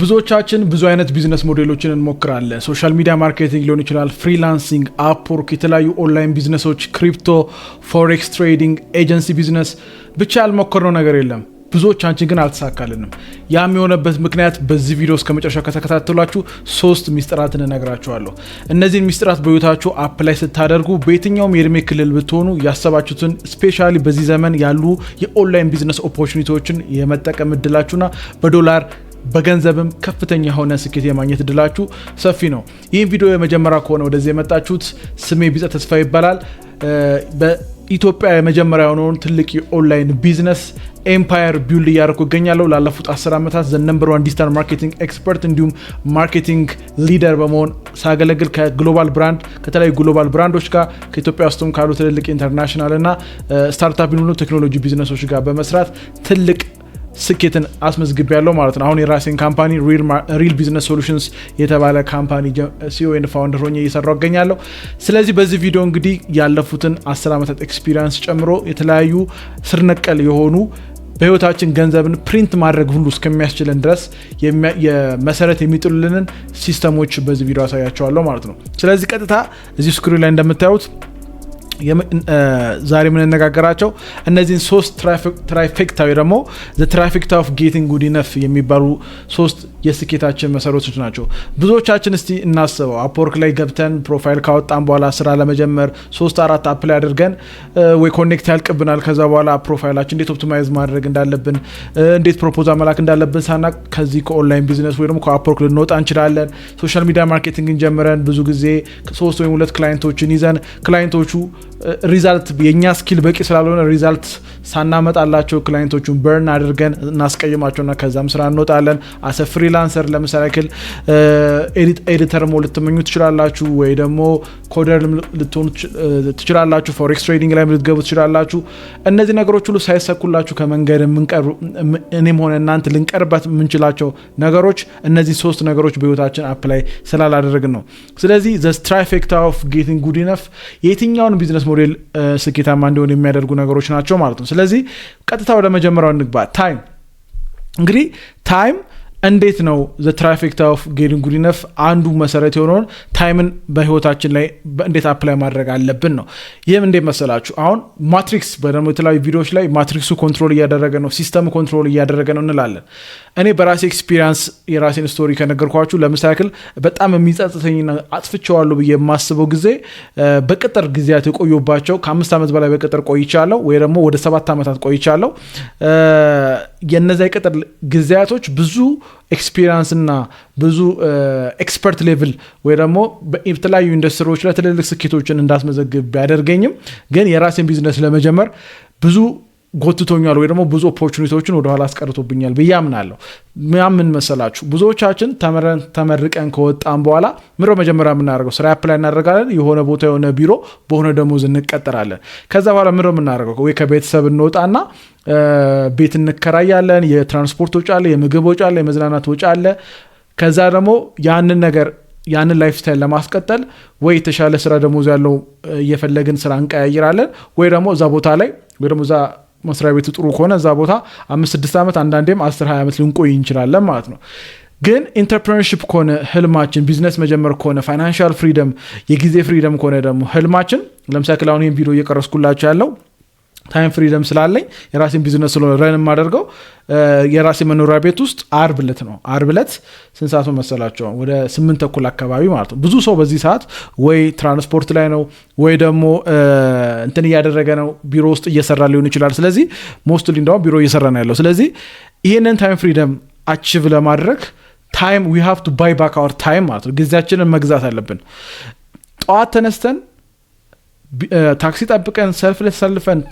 ብዙዎቻችን ብዙ አይነት ቢዝነስ ሞዴሎችን እንሞክራለን። ሶሻል ሚዲያ ማርኬቲንግ ሊሆን ይችላል፣ ፍሪላንሲንግ፣ አፕወርክ፣ የተለያዩ ኦንላይን ቢዝነሶች፣ ክሪፕቶ፣ ፎሬክስ ትሬዲንግ፣ ኤጀንሲ ቢዝነስ፣ ብቻ ያልሞከርነው ነገር የለም። ብዙዎቻችን ግን አልተሳካልንም። ያም የሆነበት ምክንያት በዚህ ቪዲዮ እስከ መጨረሻ ከተከታተሏችሁ ሶስት ሚስጥራትን እነግራችኋለሁ። እነዚህን ሚስጥራት በህይወታችሁ አፕ ላይ ስታደርጉ በየትኛውም የእድሜ ክልል ብትሆኑ ያሰባችሁትን ስፔሻሊ በዚህ ዘመን ያሉ የኦንላይን ቢዝነስ ኦፖርቹኒቲዎችን የመጠቀም እድላችሁና በዶላር በገንዘብም ከፍተኛ የሆነ ስኬት የማግኘት እድላችሁ ሰፊ ነው። ይህን ቪዲዮ የመጀመሪያ ከሆነ ወደዚህ የመጣችሁት ስሜ ቢጸ ተስፋ ይባላል። በኢትዮጵያ የመጀመሪያ የሆነውን ትልቅ የኦንላይን ቢዝነስ ኤምፓየር ቢውልድ እያደረኩ ይገኛለሁ። ላለፉት 10 ዓመታት ዘ ነምበር ዋን ዲጂታል ማርኬቲንግ ኤክስፐርት እንዲሁም ማርኬቲንግ ሊደር በመሆን ሳገለግል ከግሎባል ብራንድ ከተለያዩ ግሎባል ብራንዶች ጋር ከኢትዮጵያ ውስጥም ካሉ ትልልቅ ኢንተርናሽናል እና ስታርታፕ ሆኑ ቴክኖሎጂ ቢዝነሶች ጋር በመስራት ትልቅ ስኬትን አስመዝግብ ያለው ማለት ነው። አሁን የራሴን ካምፓኒ ሪል ቢዝነስ ሶሉሽንስ የተባለ ካምፓኒ ሲኦ ኤንድ ፋውንደር ሆኜ እየሰራው እገኛለሁ። ስለዚህ በዚህ ቪዲዮ እንግዲህ ያለፉትን አስር ዓመታት ኤክስፒሪንስ ጨምሮ የተለያዩ ስርነቀል የሆኑ በህይወታችን ገንዘብን ፕሪንት ማድረግ ሁሉ እስከሚያስችለን ድረስ መሰረት የሚጥሉልንን ሲስተሞች በዚህ ቪዲዮ አሳያቸዋለሁ ማለት ነው። ስለዚህ ቀጥታ እዚህ ስክሪን ላይ እንደምታዩት ዛሬ የምንነጋገራቸው እነዚህን ሶስት ትራይፌክታ ወይ ደግሞ ትራይፌክታ ኦፍ ጌቲንግ ጉድ ኢነፍ የሚባሉ ሶስት የስኬታችን መሰረቶች ናቸው። ብዙዎቻችን እስቲ እናስበው፣ አፕወርክ ላይ ገብተን ፕሮፋይል ካወጣን በኋላ ስራ ለመጀመር ሶስት አራት አፕላይ አድርገን ወይ ኮኔክት ያልቅብናል። ከዛ በኋላ ፕሮፋይላችን እንዴት ኦፕቲማይዝ ማድረግ እንዳለብን፣ እንዴት ፕሮፖዛል መላክ እንዳለብን ሳና ከዚህ ከኦንላይን ቢዝነስ ወይ ደግሞ ከአፕወርክ ልንወጣ እንችላለን። ሶሻል ሚዲያ ማርኬቲንግን ጀምረን ብዙ ጊዜ ሶስት ወይም ሁለት ክላይንቶችን ይዘን ክላይንቶቹ ሪዛልት የእኛ ስኪል በቂ ስላልሆነ ሪዛልት ሳናመጣላቸው ክላይንቶቹን በርን አድርገን እናስቀይማቸውና ከዛም ስራ እንወጣለን። አሰ ፍሪላንሰር ለምሳሌ ክል ኤዲተር ሞ ልትመኙ ትችላላችሁ፣ ወይ ደግሞ ኮደር ልትሆኑ ትችላላችሁ፣ ፎሬክስ ትሬዲንግ ላይ ልትገቡ ትችላላችሁ። እነዚህ ነገሮች ሁሉ ሳይሰኩላችሁ ከመንገድ እኔም ሆነ እናንተ ልንቀርበት የምንችላቸው ነገሮች እነዚህ ሶስት ነገሮች በህይወታችን አፕላይ ስላላደረግን ነው። ስለዚህ ዘ ኦፍ ጌቲንግ ጉድ ኢነፍ የትኛውን ቢዝ የቢዝነስ ሞዴል ስኬታማ እንዲሆን የሚያደርጉ ነገሮች ናቸው ማለት ነው። ስለዚህ ቀጥታ ወደ መጀመሪያው እንግባ። ታይም እንግዲህ ታይም እንዴት ነው ዘ ትራይፌክታ ኦፍ ጉዲነፍ አንዱ መሰረት የሆነውን ታይምን በህይወታችን ላይ እንዴት አፕላይ ማድረግ አለብን ነው። ይህም እንዴት መሰላችሁ አሁን ማትሪክስ በደግሞ የተለያዩ ቪዲዮዎች ላይ ማትሪክሱ ኮንትሮል እያደረገ ነው፣ ሲስተም ኮንትሮል እያደረገ ነው እንላለን። እኔ በራሴ ኤክስፒሪንስ የራሴን ስቶሪ ከነገርኳችሁ ለምሳክል በጣም የሚጸጥተኝና አጥፍቼዋለሁ ብዬ የማስበው ጊዜ በቅጥር ጊዜያት የቆዩባቸው ከአምስት ዓመት በላይ በቅጥር ቆይቻለሁ ወይ ደግሞ ወደ ሰባት ዓመታት ቆይቻለሁ የነዚ ቅጥር ጊዜያቶች ብዙ እና ብዙ ኤክስፐርት ሌቭል ወይ ደግሞ የተለያዩ ኢንዱስትሪዎች ላይ ትልልቅ ስኬቶችን እንዳስመዘግብ ቢያደርገኝም ግን የራሴን ቢዝነስ ለመጀመር ብዙ ጎትቶኛል ወይ ደግሞ ብዙ ኦፖርቹኒቲዎችን ወደኋላ አስቀርቶብኛል ብዬ አምናለሁ። ምን መሰላችሁ ብዙዎቻችን ተመርቀን ከወጣን በኋላ ምሮ መጀመሪያ የምናደርገው ስራ አፕላይ እናደርጋለን። የሆነ ቦታ የሆነ ቢሮ በሆነ ደሞዝ እንቀጠራለን። ከዛ በኋላ ምሮ የምናደርገው ወይ ከቤተሰብ እንወጣና ቤት እንከራያለን። የትራንስፖርት ወጪ አለ፣ የምግብ ወጪ አለ፣ የመዝናናት ወጪ አለ። ከዛ ደግሞ ያንን ነገር ያንን ላይፍ ስታይል ለማስቀጠል ወይ የተሻለ ስራ ደሞዝ ያለው እየፈለግን ስራ እንቀያይራለን ወይ ደግሞ እዛ ቦታ ላይ ወይ ደግሞ እዛ መስሪያ ቤቱ ጥሩ ከሆነ እዛ ቦታ አምስት ስድስት ዓመት አንዳንዴም አስር ሀያ ዓመት ልንቆይ እንችላለን ማለት ነው። ግን ኢንተርፕረነርሺፕ ከሆነ ህልማችን ቢዝነስ መጀመር ከሆነ ፋይናንሻል ፍሪደም፣ የጊዜ ፍሪደም ከሆነ ደግሞ ህልማችን ለምሳሌ አሁን ይህን ቪዲዮ እየቀረስኩላቸው ያለው ታይም ፍሪደም ስላለኝ የራሴን ቢዝነስ ስለሆነ ረን የማደርገው የራሴ መኖሪያ ቤት ውስጥ አርብ ዕለት ነው። አርብ ዕለት ስንት መሰላቸው? ወደ ስምንት ተኩል አካባቢ ማለት ነው። ብዙ ሰው በዚህ ሰዓት ወይ ትራንስፖርት ላይ ነው ወይ ደግሞ እንትን እያደረገ ነው፣ ቢሮ ውስጥ እየሰራ ሊሆን ይችላል። ስለዚህ ሞስትሊ እንደውም ቢሮ እየሰራ ነው ያለው። ስለዚህ ይህንን ታይም ፍሪደም አቺቭ ለማድረግ ታይም ዊ ሃቭ ቱ ባይ ባክ አወር ታይም ማለት ነው። ጊዜያችንን መግዛት አለብን። ጠዋት ተነስተን ታክሲ ጠብቀን ሰልፍ ላይ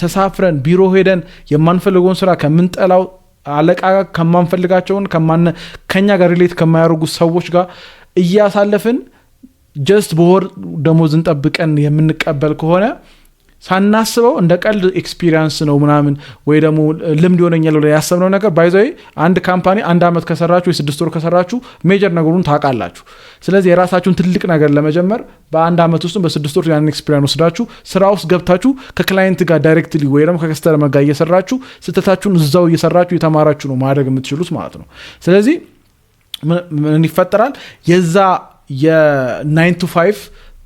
ተሳፍረን ቢሮ ሄደን የማንፈልገውን ስራ ከምንጠላው አለቃ ከማንፈልጋቸውን ከኛ ጋር ሪሌት ከማያደርጉ ሰዎች ጋር እያሳለፍን ጀስት በወር ደሞዝን ጠብቀን የምንቀበል ከሆነ ሳናስበው እንደ ቀልድ ኤክስፒሪያንስ ነው ምናምን ወይ ደግሞ ልምድ ይሆነኛል ብለ ያሰብነው ነገር ባይዘ አንድ ካምፓኒ አንድ ዓመት ከሰራችሁ የስድስት ወር ከሰራችሁ ሜጀር ነገሩን ታውቃላችሁ። ስለዚህ የራሳችሁን ትልቅ ነገር ለመጀመር በአንድ ዓመት ውስጥ በስድስት ወር ያንን ኤክስፒሪያንስ ወስዳችሁ ስራ ውስጥ ገብታችሁ ከክላይንት ጋር ዳይሬክትሊ ወይ ደግሞ ከከስተር መጋ እየሰራችሁ ስህተታችሁን እዛው እየሰራችሁ እየተማራችሁ ነው ማድረግ የምትችሉት ማለት ነው። ስለዚህ ምን ይፈጠራል የዛ የናይን ቱ ፋይቭ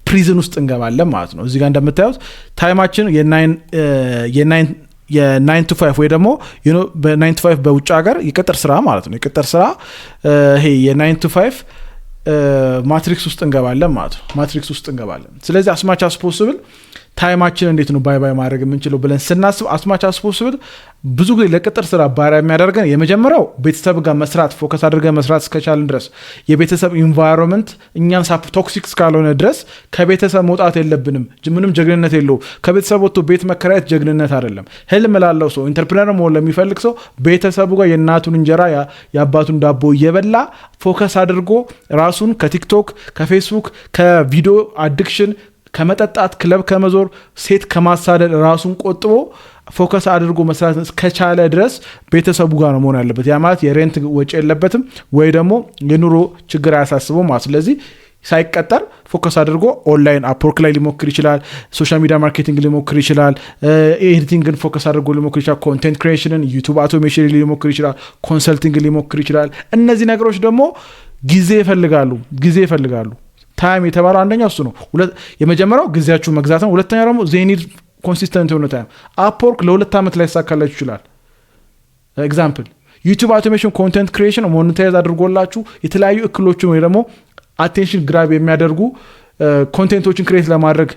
ፕሪዝን ውስጥ እንገባለን ማለት ነው። እዚህ ጋር እንደምታዩት ታይማችን የናይን ቱ ፋይቭ ወይ ደግሞ በናይን ቱ ፋይቭ በውጭ ሀገር የቅጥር ስራ ማለት ነው። የቅጥር ስራ ይሄ የናይን ቱ ፋይቭ ማትሪክስ ውስጥ እንገባለን ማለት ነው። ማትሪክስ ውስጥ እንገባለን። ስለዚህ አስማች አስ ታይማችን እንዴት ነው ባይ ባይ ማድረግ የምንችለው ብለን ስናስብ አስማች አስፖስብል ብዙ ጊዜ ለቅጥር ስራ ባሪያ የሚያደርገን የመጀመሪያው ቤተሰብ ጋር መስራት ፎከስ አድርገ መስራት እስከቻልን ድረስ የቤተሰብ ኢንቫይሮንመንት እኛን ሳፕ ቶክሲክ እስካልሆነ ድረስ ከቤተሰብ መውጣት የለብንም። ምንም ጀግንነት የለው። ከቤተሰብ ወጥቶ ቤት መከራየት ጀግንነት አይደለም። ህልም ላለው ሰው ኢንተርፕሪነር መሆን ለሚፈልግ ሰው ቤተሰቡ ጋር የእናቱን እንጀራ የአባቱን ዳቦ እየበላ ፎከስ አድርጎ ራሱን ከቲክቶክ ከፌስቡክ ከቪዲዮ አዲክሽን ከመጠጣት፣ ክለብ ከመዞር፣ ሴት ከማሳደድ ራሱን ቆጥቦ ፎከስ አድርጎ መስራት እስከቻለ ድረስ ቤተሰቡ ጋር ነው መሆን ያለበት። ያ ማለት የሬንት ወጪ የለበትም ወይ ደግሞ የኑሮ ችግር አያሳስበው ማለት ስለዚህ ሳይቀጠር ፎከስ አድርጎ ኦንላይን አፕወርክ ላይ ሊሞክር ይችላል። ሶሻል ሚዲያ ማርኬቲንግ ሊሞክር ይችላል። ኤዲቲንግን ፎከስ አድርጎ ሊሞክር ይችላል። ኮንቴንት ክሬሽንን፣ ዩቱብ አውቶሜሽን ሊሞክር ይችላል። ኮንሰልቲንግ ሊሞክር ይችላል። እነዚህ ነገሮች ደግሞ ጊዜ ይፈልጋሉ ጊዜ ይፈልጋሉ። ታይም የተባለው አንደኛው እሱ ነው። የመጀመሪያው ጊዜያችሁን መግዛት ነው። ሁለተኛው ደግሞ ዜኒድ ኮንሲስተንት የሆነ ታይም። አፕወርክ ለሁለት ዓመት ላይ ይሳካላችሁ ይችላል። ኤግዛምፕል ዩቱብ አውቶሜሽን ኮንተንት ክሪኤሽን ሞኔታይዝ አድርጎላችሁ የተለያዩ እክሎችን ወይ ደግሞ አቴንሽን ግራብ የሚያደርጉ ኮንቴንቶችን uh, ክሬት ለማድረግ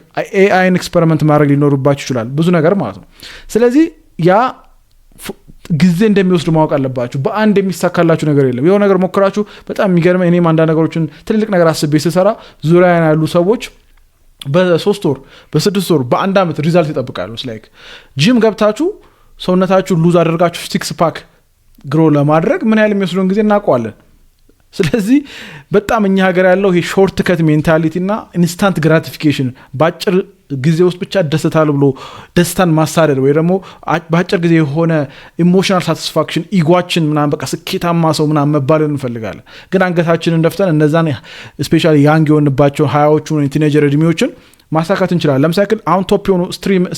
ኤአይን ኤክስፐሪመንት ማድረግ ሊኖርባችሁ ይችላል። ብዙ ነገር ማለት ነው። ስለዚህ ያ ጊዜ እንደሚወስድ ማወቅ አለባችሁ። በአንድ የሚሳካላችሁ ነገር የለም። የሆነ ነገር ሞክራችሁ በጣም የሚገርመ እኔም አንዳንድ ነገሮችን ትልልቅ ነገር አስቤ ስሰራ ዙሪያን ያሉ ሰዎች በሶስት ወር በስድስት ወር በአንድ ዓመት ሪዛልት ይጠብቃሉ። ላይክ ጂም ገብታችሁ ሰውነታችሁ ሉዝ አድርጋችሁ ሲክስ ፓክ ግሮ ለማድረግ ምን ያህል የሚወስደውን ጊዜ እናውቀዋለን። ስለዚህ በጣም እኛ ሀገር ያለው ይሄ ሾርት ከት ሜንታሊቲ እና ኢንስታንት ግራቲፊኬሽን በአጭር ጊዜ ውስጥ ብቻ ደስታል ብሎ ደስታን ማሳደድ ወይ ደግሞ በአጭር ጊዜ የሆነ ኢሞሽናል ሳቲስፋክሽን ኢጓችን ምናምን በቃ ስኬታማ ሰው ምናምን መባልን እንፈልጋለን። ግን አንገታችንን ደፍተን እነዛን ስፔሻ ያንግ የሆንባቸውን ሀያዎቹ ቲኔጀር እድሜዎችን ማሳካት እንችላለን። ለምሳሌ አሁን ቶፕ የሆኑ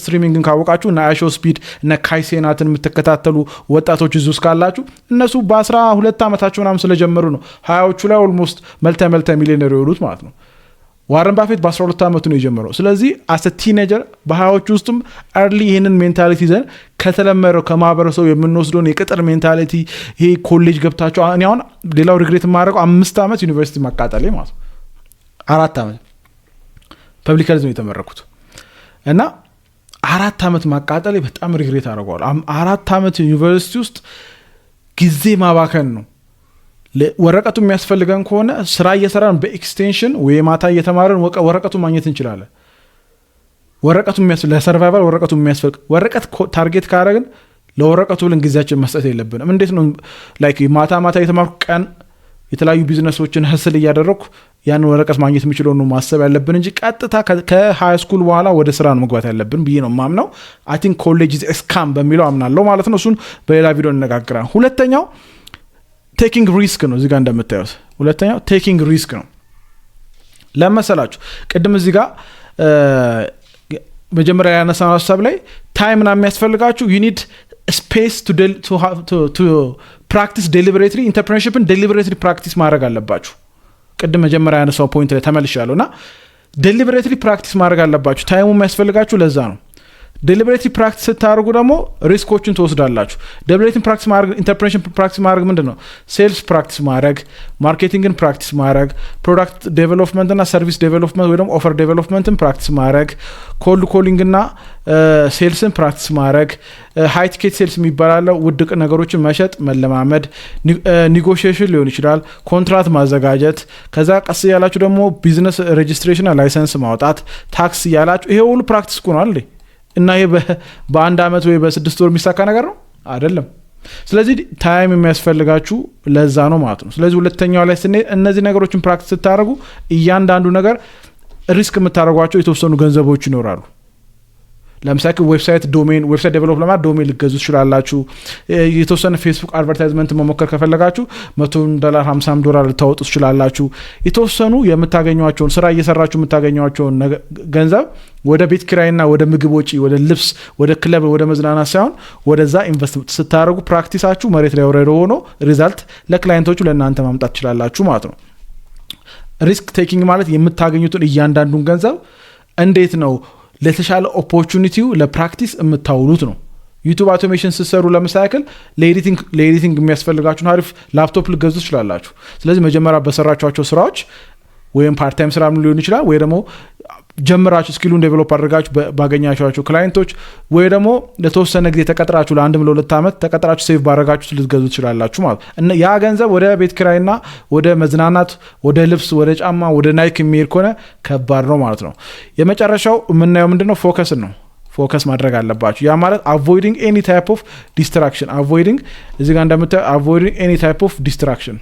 ስትሪሚንግን ካወቃችሁ እና አሾ ስፒድ እነ ካይሴናትን የምትከታተሉ ወጣቶች እዚ ውስጥ ካላችሁ እነሱ በአስራ ሁለት ዓመታቸው ምናምን ስለጀመሩ ነው ሀያዎቹ ላይ ኦልሞስት መልተ መልተ ሚሊዮነር የሆኑት ማለት ነው። ዋረን ባፌት በ12 ዓመቱ ነው የጀመረው። ስለዚህ አሰ ቲኔጀር በሀያዎች ውስጥም አርሊ ይህንን ሜንታሊቲ ይዘን ከተለመደው ከማህበረሰቡ የምንወስደውን የቅጥር ሜንታሊቲ ይሄ ኮሌጅ ገብታቸው እኔ አሁን ሌላው ሪግሬት የማደርገው አምስት ዓመት ዩኒቨርሲቲ ማቃጠሌ ማለት ነው። አራት ዓመት ፐብሊክ ነው የተመረኩት እና አራት ዓመት ማቃጠሌ በጣም ሪግሬት አደርገዋለሁ። አራት ዓመት ዩኒቨርሲቲ ውስጥ ጊዜ ማባከን ነው። ወረቀቱ የሚያስፈልገን ከሆነ ስራ እየሰራን በኤክስቴንሽን ወይ ማታ እየተማረን ወረቀቱ ማግኘት እንችላለን። ወረቀቱ ለሰርቫይቫል ወረቀቱ የሚያስፈልግ ወረቀት ታርጌት ካረግን ለወረቀቱ ብለን ጊዜያችን መስጠት የለብንም። እንዴት ነው ላይክ ማታ ማታ የተማርኩ ቀን የተለያዩ ቢዝነሶችን ህስል እያደረግኩ ያንን ወረቀት ማግኘት የሚችለው ነው ማሰብ ያለብን እንጂ ቀጥታ ከሃይ ስኩል በኋላ ወደ ስራ ነው መግባት ያለብን ብዬ ነው ማምነው። አይ ቲንክ ኮሌጅ ስካም በሚለው አምናለው ማለት ነው። እሱን በሌላ ቪዲዮ እነጋግራል። ሁለተኛው ቴኪንግ ሪስክ ነው። እዚጋ እንደምታዩት ሁለተኛው ቴኪንግ ሪስክ ነው። ለመሰላችሁ ቅድም እዚ ጋ መጀመሪያ ያነሳነው ሀሳብ ላይ ታይም ና የሚያስፈልጋችሁ ዩኒድ ስፔስ ፕራክቲስ ዴሊበሬትሪ ኢንተርፕርነርሺፕን ዴሊበሬትሪ ፕራክቲስ ማድረግ አለባችሁ። ቅድም መጀመሪያ ያነሳው ፖይንት ላይ ተመልሻለሁ እና ዴሊበሬትሪ ፕራክቲስ ማድረግ አለባችሁ። ታይሙ የሚያስፈልጋችሁ ለዛ ነው። ዴሊበሬቲቭ ፕራክቲስ ስታደርጉ ደግሞ ሪስኮችን ትወስዳላችሁ። ዴሊበሬቲቭ ፕራክቲስ ማድረግ ኢንተርፕሬሽን ፕራክቲስ ማድረግ ምንድን ነው? ሴልስ ፕራክቲስ ማድረግ፣ ማርኬቲንግን ፕራክቲስ ማድረግ፣ ፕሮዳክት ዴቨሎፕመንት እና ሰርቪስ ዴቨሎፕመንት ወይ ደግሞ ኦፈር ዴቨሎፕመንትን ፕራክቲስ ማድረግ፣ ኮልድ ኮሊንግ እና ሴልስን ፕራክቲስ ማድረግ፣ ሀይ ቲኬት ሴልስ የሚባላለው ውድቅ ነገሮችን መሸጥ መለማመድ፣ ኒጎሽሽን ሊሆን ይችላል፣ ኮንትራት ማዘጋጀት፣ ከዛ ቀስ እያላችሁ ደግሞ ቢዝነስ ሬጂስትሬሽን ላይሰንስ ማውጣት፣ ታክስ እያላችሁ ይሄ ሁሉ ፕራክቲስ ቁኗል። እና ይሄ በአንድ ዓመት ወይ በስድስት ወር የሚሳካ ነገር ነው አይደለም። ስለዚህ ታይም የሚያስፈልጋችሁ ለዛ ነው ማለት ነው። ስለዚህ ሁለተኛው ላይ ስኔ እነዚህ ነገሮችን ፕራክቲስ ስታደርጉ እያንዳንዱ ነገር ሪስክ የምታደርጓቸው የተወሰኑ ገንዘቦች ይኖራሉ። ለምሳሌ ዌብሳይት ዶሜን ዌብሳይት ዴቨሎፕ ለማድረግ ዶሜን ልገዙ ትችላላችሁ። የተወሰነ ፌስቡክ አድቨርታይዝመንት መሞከር ከፈለጋችሁ መቶ ዶላር ሀምሳም ዶላር ልታወጡ ትችላላችሁ። የተወሰኑ የምታገኟቸውን ስራ እየሰራችሁ የምታገኟቸውን ገንዘብ ወደ ቤት ኪራይና ወደ ምግብ ወጪ፣ ወደ ልብስ፣ ወደ ክለብ፣ ወደ መዝናናት ሳይሆን ወደዛ ኢንቨስት ስታደርጉ ፕራክቲሳችሁ መሬት ላይ ወረደ ሆኖ ሪዛልት ለክላይንቶቹ ለእናንተ ማምጣት ትችላላችሁ ማለት ነው። ሪስክ ቴኪንግ ማለት የምታገኙትን እያንዳንዱን ገንዘብ እንዴት ነው ለተሻለ ኦፖርቹኒቲው ለፕራክቲስ የምታውሉት ነው። ዩቱብ አውቶሜሽን ስትሰሩ ለምሳሌ ለኤዲቲንግ የሚያስፈልጋችሁን አሪፍ ላፕቶፕ ልገዙ ትችላላችሁ። ስለዚህ መጀመሪያ በሰራችኋቸው ስራዎች ወይም ፓርታይም ስራ ሊሆን ይችላል ወይ ደግሞ ጀምራችሁ ስኪሉን ዴቨሎፕ አድርጋችሁ ባገኛችኋቸው ክላይንቶች ወይ ደግሞ ለተወሰነ ጊዜ ተቀጥራችሁ ለአንድም ለሁለት ዓመት ተቀጥራችሁ ሴቭ ባረጋችሁት ልትገዙ ትችላላችሁ ማለት ያ ገንዘብ ወደ ቤት ክራይና ወደ መዝናናት፣ ወደ ልብስ፣ ወደ ጫማ፣ ወደ ናይክ የሚሄድ ከሆነ ከባድ ነው ማለት ነው። የመጨረሻው የምናየው ምንድነው ነው? ፎከስን ነው። ፎከስ ማድረግ አለባችሁ። ያ ማለት አቮይዲንግ ኤኒ ታይፕ ኦፍ ዲስትራክሽን አቮይዲንግ እዚ ጋር እንደምታዩ አቮይዲንግ ኤኒ ታይፕ ኦፍ ዲስትራክሽን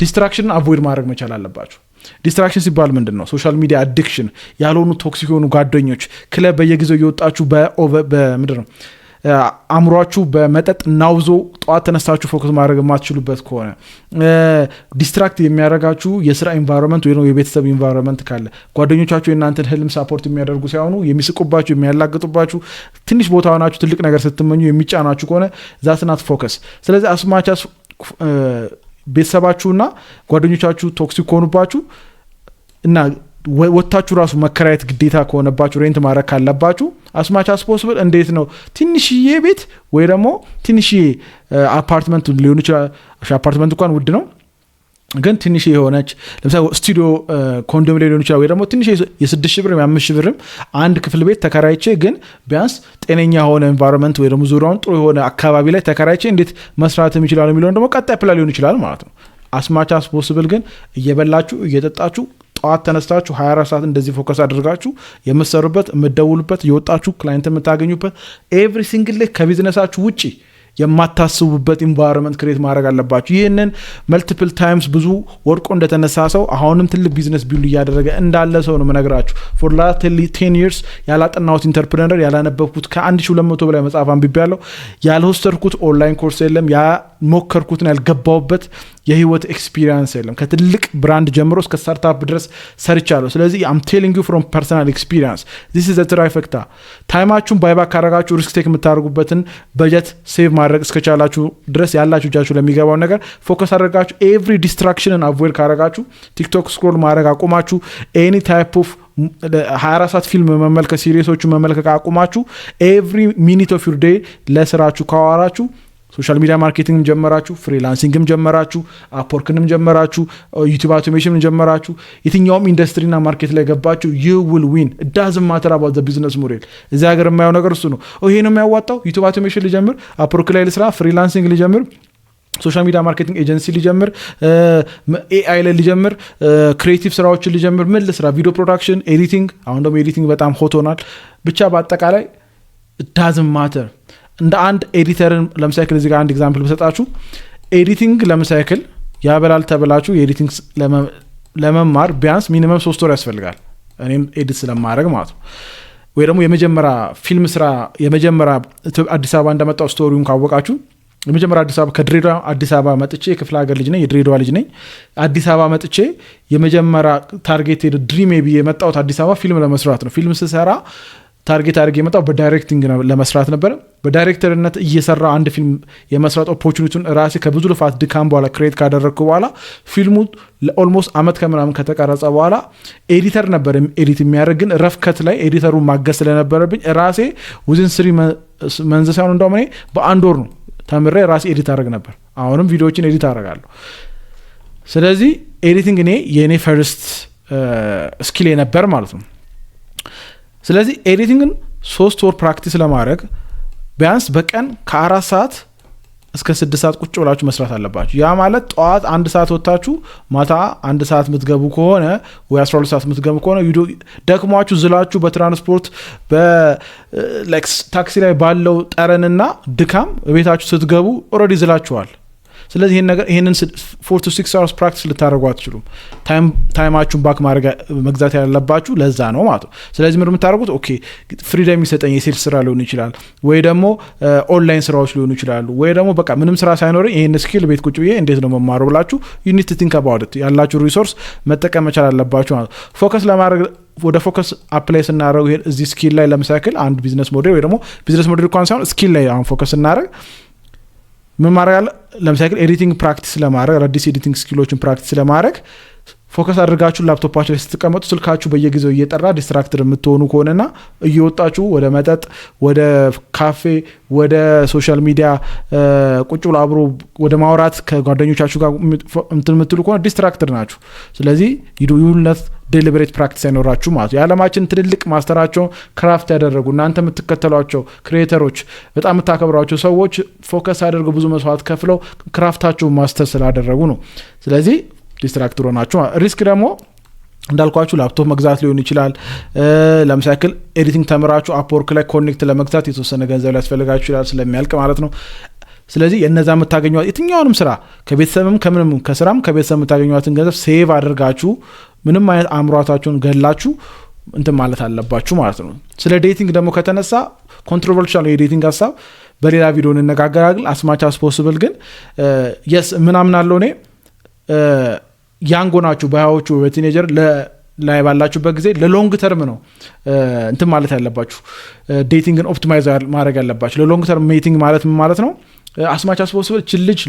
ዲስትራክሽንን አቮይድ ማድረግ መቻል አለባችሁ። ዲስትራክሽን ሲባል ምንድን ነው? ሶሻል ሚዲያ አዲክሽን ያልሆኑ ቶክሲክ የሆኑ ጓደኞች፣ ክለብ በየጊዜው እየወጣችሁ በምድር ነው አእምሯችሁ በመጠጥ ናውዞ ጠዋት ተነሳችሁ ፎከስ ማድረግ የማትችሉበት ከሆነ ዲስትራክት የሚያደርጋችሁ የስራ ኢንቫይሮንመንት ወይ የቤተሰብ ኢንቫይሮንመንት ካለ ጓደኞቻችሁ የእናንተን ህልም ሳፖርት የሚያደርጉ ሳይሆኑ የሚስቁባችሁ፣ የሚያላግጡባችሁ ትንሽ ቦታ ሆናችሁ ትልቅ ነገር ስትመኙ የሚጫናችሁ ከሆነ ዛትናት ፎከስ ስለዚህ አስማቻስ ቤተሰባችሁና ጓደኞቻችሁ ቶክሲክ ከሆኑባችሁ እና ወታችሁ ራሱ መከራየት ግዴታ ከሆነባችሁ ሬንት ማድረግ ካለባችሁ አስማች አስፖስብል እንዴት ነው ትንሽዬ ቤት ወይ ደግሞ ትንሽዬ አፓርትመንት ሊሆን ይችላል። አፓርትመንት እንኳን ውድ ነው ግን ትንሽ የሆነች ለምሳሌ ስቱዲዮ ኮንዶም ሊሆን ይችላል፣ ወይ ደግሞ ትንሽ የስድስት ሺህ ብርም የአምስት ሺህ ብርም አንድ ክፍል ቤት ተከራይቼ ግን ቢያንስ ጤነኛ የሆነ ኤንቫይሮንመንት ወይ ደግሞ ዙሪያውን ጥሩ የሆነ አካባቢ ላይ ተከራይቼ እንዴት መስራትም ይችላል የሚለውን ደግሞ ቀጣይ ፕላ ሊሆን ይችላል ማለት ነው። አስማቻ ስፖስብል ግን እየበላችሁ እየጠጣችሁ ጠዋት ተነስታችሁ 24 ሰዓት እንደዚህ ፎከስ አድርጋችሁ የምትሰሩበት የምትደውሉበት፣ የወጣችሁ ክላይንት የምታገኙበት ኤቭሪ ሲንግል ከቢዝነሳችሁ ውጪ የማታስቡበት ኢንቫይሮንመንት ክሬት ማድረግ አለባችሁ። ይህንን መልቲፕል ታይምስ ብዙ ወድቆ እንደተነሳ ሰው አሁንም ትልቅ ቢዝነስ ቢሉ እያደረገ እንዳለ ሰው ነው መነግራችሁ። ፎር ላ ቴን ይርስ ያላጠናሁት ኢንተርፕረነር ያላነበብኩት ከ1200 በላይ መጽሐፍ አንብቤያለሁ። ያልወሰድኩት ኦንላይን ኮርስ የለም። ሞከርኩትን ያልገባውበት የህይወት ኤክስፒሪንስ የለም። ከትልቅ ብራንድ ጀምሮ እስከ ስታርታፕ ድረስ ሰርቻለሁ። ስለዚህ አም ቴሊንግ ዩ ፍሮም ፐርሰናል ኤክስፒሪንስ ዚስ ኢዝ ትራይፈክታ። ታይማችሁን ባይባክ ካረጋችሁ ሪስክ ቴክ የምታደርጉበትን በጀት ሴቭ ማድረግ እስከቻላችሁ ድረስ ያላችሁ እጃችሁ ለሚገባው ነገር ፎከስ አድረጋችሁ ኤቭሪ ዲስትራክሽንን አቮይድ ካረጋችሁ ቲክቶክ ስክሮል ማድረግ አቁማችሁ ኤኒ ታይፕ ኦፍ 24 ሰዓት ፊልም መመልከት ሲሪየሶቹ መመልከት አቁማችሁ ኤቭሪ ሚኒት ኦፍ ዩር ዴይ ለስራችሁ ካዋራችሁ ሶሻል ሚዲያ ማርኬቲንግም ጀመራችሁ፣ ፍሪላንሲንግም ጀመራችሁ፣ አፕወርክንም ጀመራችሁ፣ ዩቲብ አውቶሜሽንም ጀመራችሁ፣ የትኛውም ኢንዱስትሪና ማርኬት ላይ ገባችሁ ይህ ውል ዊን ዳዝ ማተር አባ ዘ ቢዝነስ ሞዴል። እዚህ ሀገር የማየው ነገር እሱ ነው። ይሄ ነው የሚያዋጣው። ዩቲብ አውቶሜሽን ልጀምር፣ አፕወርክ ላይ ልስራ፣ ፍሪላንሲንግ ልጀምር ሶሻል ሚዲያ ማርኬቲንግ ኤጀንሲ ሊጀምር፣ ኤአይ ላይ ሊጀምር፣ ክሬቲቭ ስራዎችን ሊጀምር፣ ምን ልስራ፣ ቪዲዮ ፕሮዳክሽን፣ ኤዲቲንግ። አሁን ደግሞ ኤዲቲንግ በጣም ሆት ሆኗል። ብቻ በአጠቃላይ ዳዝም ማተር እንደ አንድ ኤዲተርን ለምሳይክል እዚጋ አንድ ኤግዛምፕል ብሰጣችሁ ኤዲቲንግ ለምሳይክል ያበላል ተብላችሁ የኤዲቲንግ ለመማር ቢያንስ ሚኒመም ሶስት ወር ያስፈልጋል። እኔም ኤዲት ስለማድረግ ማለት ነው። ወይ ደግሞ የመጀመሪያ ፊልም ስራ የመጀመሪያ አዲስ አበባ እንደመጣው ስቶሪውን ካወቃችሁ የመጀመሪያ አዲስ አበባ ከድሬዳዋ አዲስ አበባ መጥቼ የክፍለ ሀገር ልጅ ነኝ፣ የድሬዳዋ ልጅ ነኝ። አዲስ አበባ መጥቼ የመጀመሪያ ታርጌት ድሪም ብዬ የመጣሁት አዲስ አበባ ፊልም ለመስራት ነው። ፊልም ስሰራ ታርጌት አድርግ የመጣው በዳይሬክቲንግ ለመስራት ነበረ። በዳይሬክተርነት እየሰራ አንድ ፊልም የመስራት ኦፖርቹኒቲን ራሴ ከብዙ ልፋት ድካም በኋላ ክሬት ካደረግኩ በኋላ ፊልሙ ለኦልሞስት አመት ከምናምን ከተቀረጸ በኋላ ኤዲተር ነበር ኤዲት የሚያደርግ ግን ረፍከት ላይ ኤዲተሩ ማገዝ ስለነበረብኝ ራሴ ውዝን ስሪ መንዝ ሳይሆን እንደውም እኔ በአንድ ወር ነው ተምሬ ራሴ ኤዲት አደርግ ነበር። አሁንም ቪዲዮዎችን ኤዲት አደርጋለሁ። ስለዚህ ኤዲቲንግ እኔ የእኔ ፈርስት ስኪል ነበር ማለት ነው። ስለዚህ ኤዲቲንግን ሶስት ወር ፕራክቲስ ለማድረግ ቢያንስ በቀን ከአራት ሰዓት እስከ ስድስት ሰዓት ቁጭ ብላችሁ መስራት አለባችሁ። ያ ማለት ጠዋት አንድ ሰዓት ወጥታችሁ ማታ አንድ ሰዓት የምትገቡ ከሆነ ወይ 12 ሰዓት የምትገቡ ከሆነ ደክሟችሁ ዝላችሁ በትራንስፖርት ታክሲ ላይ ባለው ጠረንና ድካም ቤታችሁ ስትገቡ ኦልሬዲ ዝላችኋል። ስለዚህ ይህንን ፎር ቱ ሲክስ አርስ ፕራክቲስ ልታደርጉ አትችሉም። ታይማችሁን ባክ ማድረግ መግዛት ያለባችሁ ለዛ ነው ማለት ነው። ስለዚህ ምድ የምታደርጉት ኦኬ ፍሪደም የሚሰጠኝ የሴል ስራ ሊሆን ይችላል፣ ወይ ደግሞ ኦንላይን ስራዎች ሊሆኑ ይችላሉ፣ ወይ ደግሞ በቃ ምንም ስራ ሳይኖረኝ ይህን ስኪል ቤት ቁጭ ብዬ እንዴት ነው መማሩ ብላችሁ ዩኒት ቲንክ አባውት ያላችሁ ሪሶርስ መጠቀም መቻል አለባችሁ ማለት ነው። ፎከስ ለማድረግ ወደ ፎከስ አፕላይ ስናደረጉ እዚህ ስኪል ላይ ለምሳሌ አንድ ቢዝነስ ሞዴል ወይ ደግሞ ቢዝነስ ሞዴል እንኳን ሳይሆን ስኪል ላይ አሁን ፎከስ ስናደረግ ምን ማድረግ አለ ለምሳሌ ኤዲቲንግ ፕራክቲስ ለማድረግ አዳዲስ ኤዲቲንግ ስኪሎችን ፕራክቲስ ለማድረግ ፎከስ አድርጋችሁ ላፕቶፓችሁ ላይ ስትቀመጡ ስልካችሁ በየጊዜው እየጠራ ዲስትራክትድ የምትሆኑ ከሆነና እየወጣችሁ ወደ መጠጥ፣ ወደ ካፌ፣ ወደ ሶሻል ሚዲያ ቁጭ ብሎ አብሮ ወደ ማውራት ከጓደኞቻችሁ ጋር እንትን የምትሉ ከሆነ ዲስትራክትድ ናችሁ። ስለዚህ ዩልነት ዴሊበሬት ፕራክቲስ አይኖራችሁ ማለት ነው። የዓለማችን ትልልቅ ማስተራቸውን ክራፍት ያደረጉ እናንተ የምትከተሏቸው ክሪኤተሮች፣ በጣም የምታከብሯቸው ሰዎች ፎከስ ያደርጉ ብዙ መስዋዕት ከፍለው ክራፍታቸው ማስተር ስላደረጉ ነው። ስለዚህ ዲስትራክት ሆናችሁ ሪስክ ደግሞ እንዳልኳችሁ ላፕቶፕ መግዛት ሊሆን ይችላል። ለምሳክል ኤዲቲንግ ተምራችሁ አፕወርክ ላይ ኮኔክት ለመግዛት የተወሰነ ገንዘብ ሊያስፈልጋችሁ ይችላል ስለሚያልቅ ማለት ነው። ስለዚህ የነዛ የምታገኘት የትኛውንም ስራ ከቤተሰብም ከምንም ከስራም ከቤተሰብ የምታገኘትን ገንዘብ ሴቭ አድርጋችሁ ምንም አይነት አእምሯታችሁን ገላችሁ እንትን ማለት አለባችሁ ማለት ነው። ስለ ዴቲንግ ደግሞ ከተነሳ ኮንትሮቨርሻል የዴቲንግ ሀሳብ በሌላ ቪዲዮ እንነጋገራግል አስማቻ ስፖስብል ግን የስ uh, ምናምን አለው እኔ ያንጎ ናችሁ በሀያዎቹ በቲኔጀር ላይ ባላችሁበት ጊዜ ለሎንግ ተርም ነው uh, እንትን ማለት ያለባችሁ ዴቲንግን uh, ኦፕቲማይዝ ማድረግ ያለባችሁ። ለሎንግ ተርም ሜቲንግ ማለት ማለት ነው አስማች አስፖስብል ችን ልጅ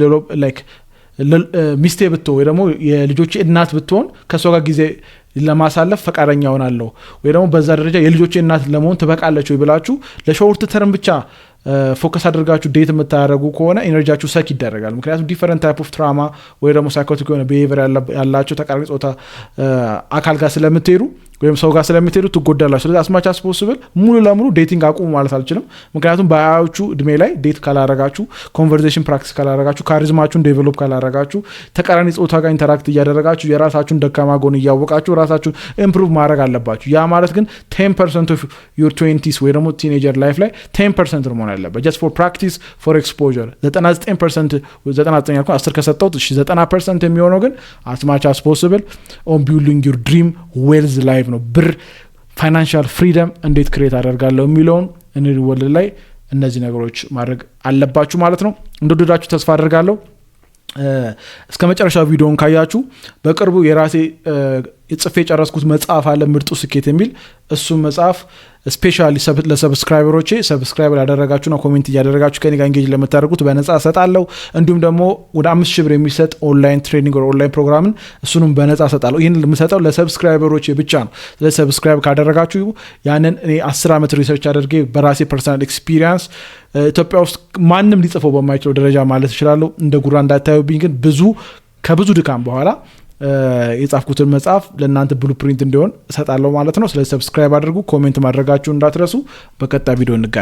ሚስቴ ብትሆን ወይ ደግሞ የልጆች እናት ብትሆን ከእሷ ጋር ጊዜ ለማሳለፍ ፈቃደኛ ሆናለሁ ወይ ደግሞ በዛ ደረጃ የልጆች እናት ለመሆን ትበቃለች ወይ ብላችሁ ለሾርት ተርም ብቻ ፎከስ አድርጋችሁ ዴት የምታደረጉ ከሆነ ኤነርጂያችሁ ሰክ ይደረጋል። ምክንያቱም ዲፈረንት ታይፕ ኦፍ ትራማ ወይ ደግሞ ሳይኮቲክ የሆነ ቢሄቨር ያላቸው ተቃራኒ ጾታ አካል ጋር ስለምትሄዱ ወይም ሰው ጋር ስለምትሄዱ ትጎዳላችሁ። ስለዚህ አስማች አስፖስብል ሙሉ ለሙሉ ዴቲንግ አቁሙ ማለት አልችልም። ምክንያቱም በአያዎቹ እድሜ ላይ ዴት ካላረጋችሁ፣ ኮንቨርሴሽን ፕራክቲስ ካላረጋችሁ፣ ካሪዝማችሁን ዴቨሎፕ ካላረጋችሁ፣ ተቃራኒ ፆታ ጋር ኢንተራክት እያደረጋችሁ የራሳችሁን ደካማ ጎን እያወቃችሁ ራሳችሁን ኢምፕሩቭ ማድረግ አለባችሁ። ያ ማለት ግን ቴን ፐርሰንት ኦፍ ዩር ትዌንቲስ ወይ ደግሞ ቲኔጀር ላይፍ ላይ ቴን ፐርሰንት መሆን አለበት። ጀስት ፎር ፕራክቲስ ፎር ኤክስፖዠር ዘጠና ዘጠኝ ፐርሰንት ዘጠና ዘጠኝ አልኩ አስር ከሰጠሁት ዘጠና ፐርሰንት የሚሆነው ግን አስማች አስፖስብል ኦን ቢውልዲንግ ዩር ድሪም ዌልዝ ላይፍ እንዴት ነው ብር ፋይናንሽል ፍሪደም እንዴት ክሬት አደርጋለሁ የሚለውን እንዲ ወልድ ላይ እነዚህ ነገሮች ማድረግ አለባችሁ ማለት ነው። እንደወደዳችሁ ተስፋ አደርጋለሁ። እስከ መጨረሻ ቪዲዮን ካያችሁ በቅርቡ የራሴ ጽፌ የጨረስኩት መጽሐፍ አለ ምርጡ ስኬት የሚል እሱም መጽሐፍ ስፔሻሊ ለሰብስክራይበሮቼ ሰብስክራይብ ላደረጋችሁና ኮሜንት እያደረጋችሁ ከኔ ጋር እንጌጅ ለምታደርጉት በነጻ እሰጣለሁ። እንዲሁም ደግሞ ወደ አምስት ሺህ ብር የሚሰጥ ኦንላይን ትሬኒንግ ኦንላይን ፕሮግራምን እሱንም በነጻ እሰጣለሁ። ይህን የምሰጠው ለሰብስክራይበሮቼ ብቻ ነው። ስለዚህ ሰብስክራይብ ካደረጋችሁ ያንን እኔ አስር ዓመት ሪሰርች አድርጌ በራሴ ፐርሰናል ኤክስፒሪንስ ኢትዮጵያ ውስጥ ማንም ሊጽፈው በማይችለው ደረጃ ማለት እችላለሁ። እንደ ጉራ እንዳታዩብኝ ግን ብዙ ከብዙ ድካም በኋላ የጻፍኩትን መጽሐፍ ለእናንተ ብሉፕሪንት እንዲሆን እሰጣለሁ ማለት ነው። ስለዚህ ሰብስክራይብ አድርጉ፣ ኮሜንት ማድረጋችሁ እንዳትረሱ። በቀጣይ ቪዲዮ እንገናኛለን።